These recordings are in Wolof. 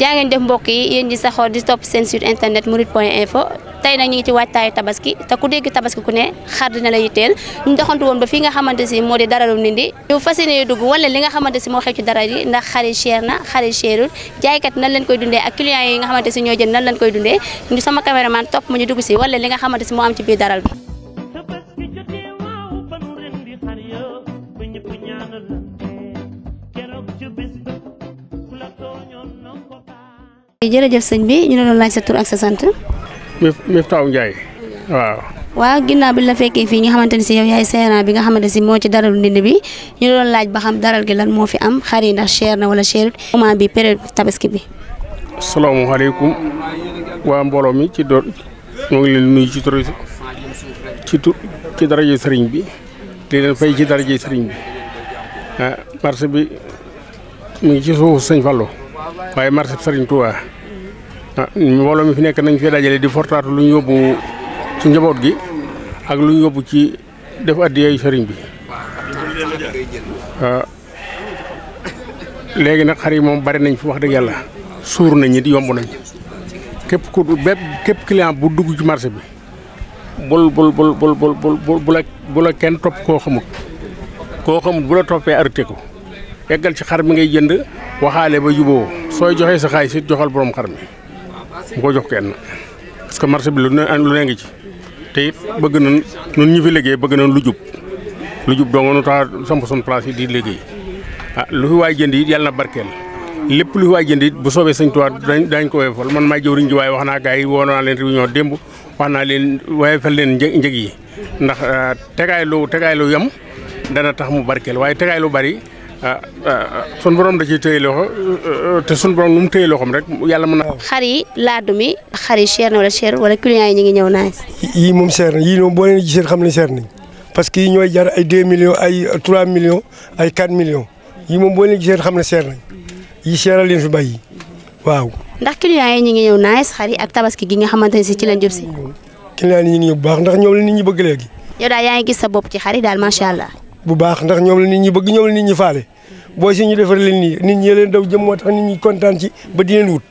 jaa ngeen def mbokk yi yéen ñi saxoo di topp seen site internet murid point info tey nag ñu ngi ci waajtaayu tabaski te ku dégg tabaski ku ne xar dina la yitteel ñu doxantu woon ba fii nga xamante si moo di daralu nindi ñu fas dugg wala li nga xamante si moo xew ci dara yi ndax xari cher na xari cherul jaaykat nan leen koy dundee ak client yi nga xamante si ñoo jënd nan leen koy dundee ñu sama caméraman topp mu ñu dugg si wala li nga xamante si moo am ci biir daral bi Eh, jërëjëf sëñ bi ñu la doon laaj sa tour ak sa sante Miftaw Ndiaye waaw. waaw ginnaw bi la fekke fi nga xamanteni ci yow yaay seeraan bi nga xamanteni ci mo ci daral ndindi bi ñu doon laaj ba xam daral gi lan mo fi am xari ndax cher na wala cher moment bi période tabaski bi. assalamu alaykum wa mbolo mi ci do mo ngi leen nuyu ci tour ci tour ci daraje sëriñ bi di leen fay ci daraje sëriñ bi ah marché bi mi ci suufu señ fallo waye marché serigne Touba. Ah, mbolo mi fi nek nañ fi dajale di fortatu lu ñu ci njabot gi ak lu ñu ci def addiyay sëriñ bi ah, léegi nak xar mom bari nañ fi wax deug yalla sour nañ it yomb nañ kep ku bépp kep client bu dugg ci marché bi bul bul bul bul bul bul bol la bu la kenn topp ko xamut koo xamut bu la topé arrêté ko eggal ci xar mi ngay jënd waxaale ba yubo soy joxee sa xay ci joxal borom xar mi bu ko jox kenn parce que marché bi lu ne lu ne ngi ci tey bëgg nañ ñun ñu fi liggéey bëgg nañ lu jub lu jub dong nu tax samp suñu place yi di léegi ah lu fi waay jënd it yàlla na barkeel lépp lu fi waay jënd it bu soobee sëñ Tuubaa dañ dañ ko weefal man maay jëwriñ ji waaye wax naa gars yi woo naa leen réunion démb wax naa leen waaye fal leen një njëg yi ndax ah, tegaay lu tegaay lu yem dana tax mu barkeel waaye tegaay lu bari. Ah, ah, ah, sun borom da ciy téye loxo euh, euh, te sun borom lu mu téye loxoom rek yàlla mën na. xar yi laadu mi xar yi cher na wala cher wala yi ñu ngi ñëw naa yii moom cher na yii moom boo leen gisee xam ne cher nañ parce que yii jar ay 2 millions ay 3 ay 4 millions yii moom boo leen xam ne cher nañ yii cher leen fi bàyyi waaw. ndax yi ñu ngi ñëw naa xar yi ak tabaski gi nga xamante ne si ci lañ jëm si. client yi ñu ñëw bu baax ndax ñoom la nit ñi bëgg léegi. yow daal yaa ngi gis sa bopp ci xar yi daal macha allah bu baax ndax ñoom la nit ñi bëgg ñoom la nit ñi faale boo si ñu defar leen nii nit ñi leen daw jëm moo tax nit ñi ba di leen wut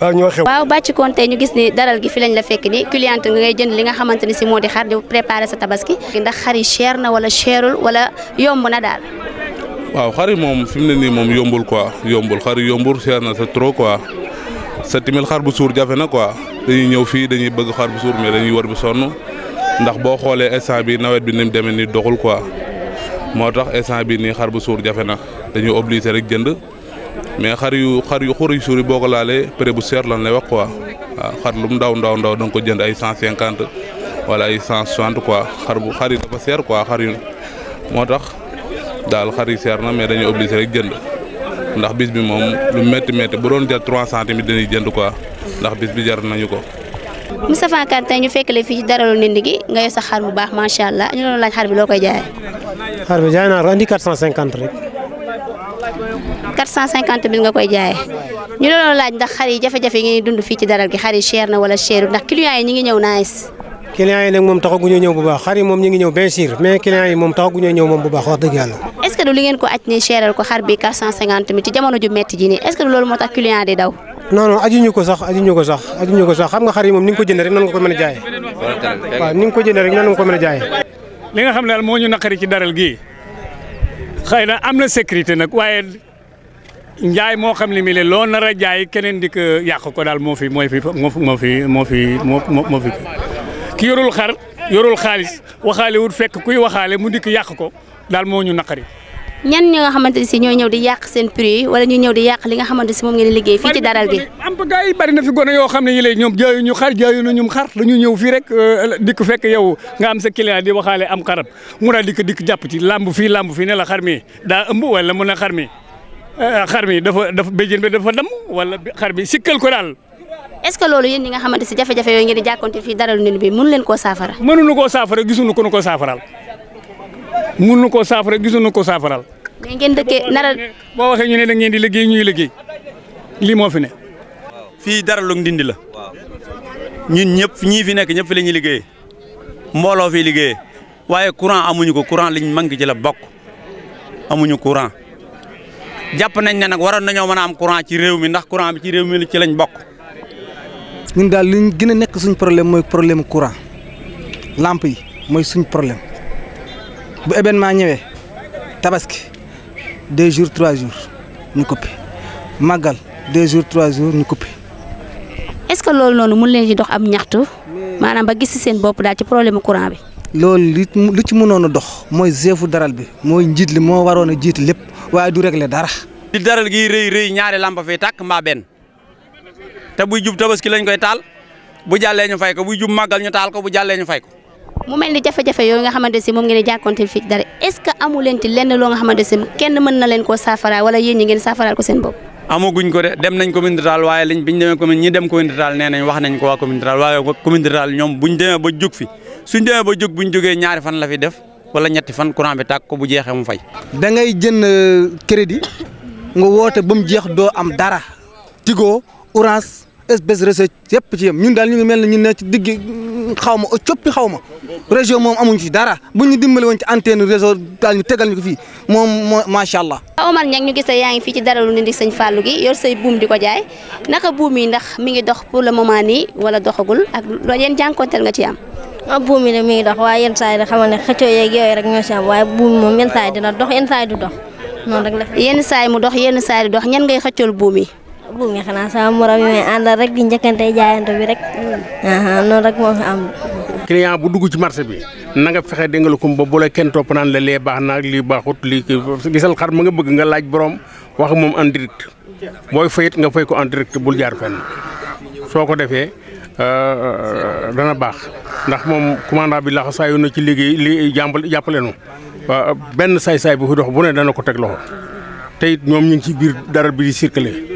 waaw ñoo xew waaw Bathie ñu gis ni daral gi fi lañ la fekk ni client nga ngay jënd li nga xamante ni si moo di xar di préparer sa tabaski ndax xar yi na wala cherul wala yomb na daal waaw xar moom fi mu ne nii moom yombul quoi yombul xar yi yombul cher na sa trop quoi sa timil xar bu suur jafe na quoi dañuy ñëw fii dañuy bëgg xar bu suur mais dañuy war bi sonn ndax boo xoolee instant bi nawet bi ni mu demee ni doxul quoi moo tax instant bi nii xar bu suur jafe na dañuy obligé rek jënd mais xar yu xar yu xur yu suur boo ko laalee prix bu seer lan lay wax quoi waaw lu mu ndaw ndaw da nga ko jënd ay cent cinquante wala ay cent soixante quoi xar bu xar yi dafa seer quoi xar yu moo tax daal xar yi seer na mais dañuy obligé rek jënd ndax bis bi moom lu metti métti bu doon jar trois cent tamit dañuy jënd quoi ndax bis bi jar nañu ko. Moustapha Kanté ñu fekk la fi ci daralu nindi gi nga yor sa xar bu baax ma sha allah ñu doon laaj xar bi lo koy jaay xar bi jaay na ko andi 450 rek. 450 mille nga koy jaay ñu doon laaj ndax xar yi jafé jafe yi dund fi ci daral gi xar yi cher na wala cher ndax client yi ñi ngi ñew nice. client yi nak mom moom taxaguñu ñew bu baax xar yi moom ñu ngi ñew bien sûr mais client yi mom moom taxaguñu ñew mom bu baax wax deug yalla est ce que du li ngeen ko acc ni cheral ko xar bi 450 mi ci jamono ju metti ji ni est ce que lolu motax client di daw non non ajuñu ñuko sax ajuñu ñuko sax ajuñu ñuko sax xam nga xari mom ni nga ko jënd rek nan nga ko mëna jaay wa ni nga ko jënd rek nan nga ko mëna jaay li nga xam ne mo ñu naqari ci daral gi xëy amna sécurité nak waye njaay mo xam ne mi le lo nara jaay keneen di ko yàq ko daal moo fi moo fi mo fi mo fi mo fi ki yorul xar yorul xaalis waxale wut fekk kuy waxale mu dik yàq ko dal mo ñu naqari ñan ñi nga xamante ne si ñoo di yàq seen prix wala ñu ñew di yàq li nga xamanteni mom ngeen liggéey ci daral gi am ba gaay bari na fi gone yo xamne ne yi lay ñom jaay ñu xar jaay ñu ñum xar dañu ñew fi rek euh, dik fekk yow nga am sa client di waxale am xarab mu daal dik dik japp ci lamb fi lamb fi ne la xarmi da ëmb wala mu na xarmi euh, xarmi dafa dafa bejeen bi dafa dam wala xar sikkel ko dal est ce que loolu ñi nga xamante ngeen di jakkonté fi daral bi mënu leen safara mënu ñu ko safara gisunu ko ñu ko mënu ko saafara gisunu ko saafaral. ngeen dëkkee nara bo waxe ñu ne da ngeen di liggéey ñuy liggéey li mo fi ne. fii dara lu dindi la. ñun ñëpp ñi fi nek ñëpp fi la ñuy liggéey fi liggéey waye courant amuñu ko courant liñ manqué ci la bok amuñu courant japp nañ ne nak waron nañu mëna am courant ci réew mi ndax courant bi ci réew mi ci lañ bok ñun dal liñ gëna nek suñu problème moy problème courant lampe yi moy suñu problème. bu événement ñëwee tabaski deux jours trois jours ñu coupé màggal deux jours trois jours ñu coupé. est-ce que loolu noonu mun leen ci dox am ñaxtu maanaam ba gis ci seen bopp daal ci problème courant bi. loolu li li ci mënoon a dox mooy zeefu daral bi mooy njiit li moo waroon a jiit lépp waaye du régler dara. li daral gi rëy rëy ñaari lamp fi tàkk mbaa benn te buy jub tabaski lañ koy taal bu jàllee ñu fay ko buy jub màggal ñu taal ko bu jàllee ñu fay ko. mu mel ni jafe-jafe yooyu nga xamante si moom ngeen di jànkonteel fii dara est-ce que amu leen ci lenn loo nga xamante si kenn mën na leen koo saafara wala yéen ngeen saafaraal ko seen bopp amaguñ ko de dem nañ commune rurale waaye liñ biñ demee commune ñi dem commune rurale nee nañ wax ko waa commune rurale waaye commune rurale ñoom buñ demee ba jóg fi suñ demee ba jóg buñ jógee ñaari fan la fi def wala ñetti fan courant bi tàkk ko bu jeexee mu fay. da ngay jënd euh, nga woote ba mu jeex doo am dara Tigo Orange espèce recette yëpp ci yem ñun daal ñu ngi mel ne ñu ne ci digg xaw ma coppi xaw ma région moom amuñ ci dara bu ñu dimbali woon ci antenne réseau daal ñu tegal ñu ko fii moom moo macha allah. Omar Niang ñu gis yaa ngi fii ci daralu ni di sëñ Fallou gi yor say buum di ko jaay naka buum yi ndax mi ngi dox pour le moment nii wala doxagul ak loolu yéen jànkonteel nga ci am. ah buum yi mi ngi dox waaye yenn saa yi da ne xëccoo yeeg yooyu rek saa dina dox yenn saa yi du dox noonu saa mu dox yenn saa yi du dox ñan ngay xëccool buum bumi xana ya, sama morom yi ya. andal rek di njëkkante jaayante bi rek hmm. aha no rek mau am kini ya budu ci marché bi na nga fexe dengal ko boleh bu la lele top li bahut li gisal kar mungkin begeng bëgg brom wah borom wax boy fayit nga fay ko en bul jaar fenn soko defé euh dana bah, ndax mom commandant bi la xasayu na ci li jambal ben say say bu dox bu dana ko tek tayit ñom ñu ci bir dara bi di circuler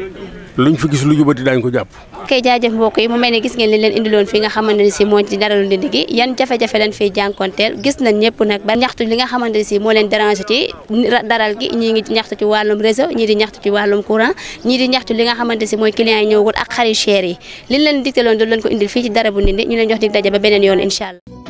luñ fi gis lu jubati daañ ko jàpp kay jaajëf mbokk yi mu mel ni gis ngeen li leen indiloon fi nga xamante ne si moo ci daralu ndindi gi yan jafe-jafe leen fiy gis nañ ñëpp nag ba ñaxtu li nga xamante ne si moo leen dérangé ci daral gi ñii ngi ñaxtu ci wàllum réseau ñii di ñaxtu ci wàllum courant ñii di ñaxtu li nga xamante si mooy client yi ñëwagul ak xarit cher yi liñ leen digtaloon du leen ko indil fii ci dara bu ndindi ñu leen jox dig daje ba beneen yoon incha allah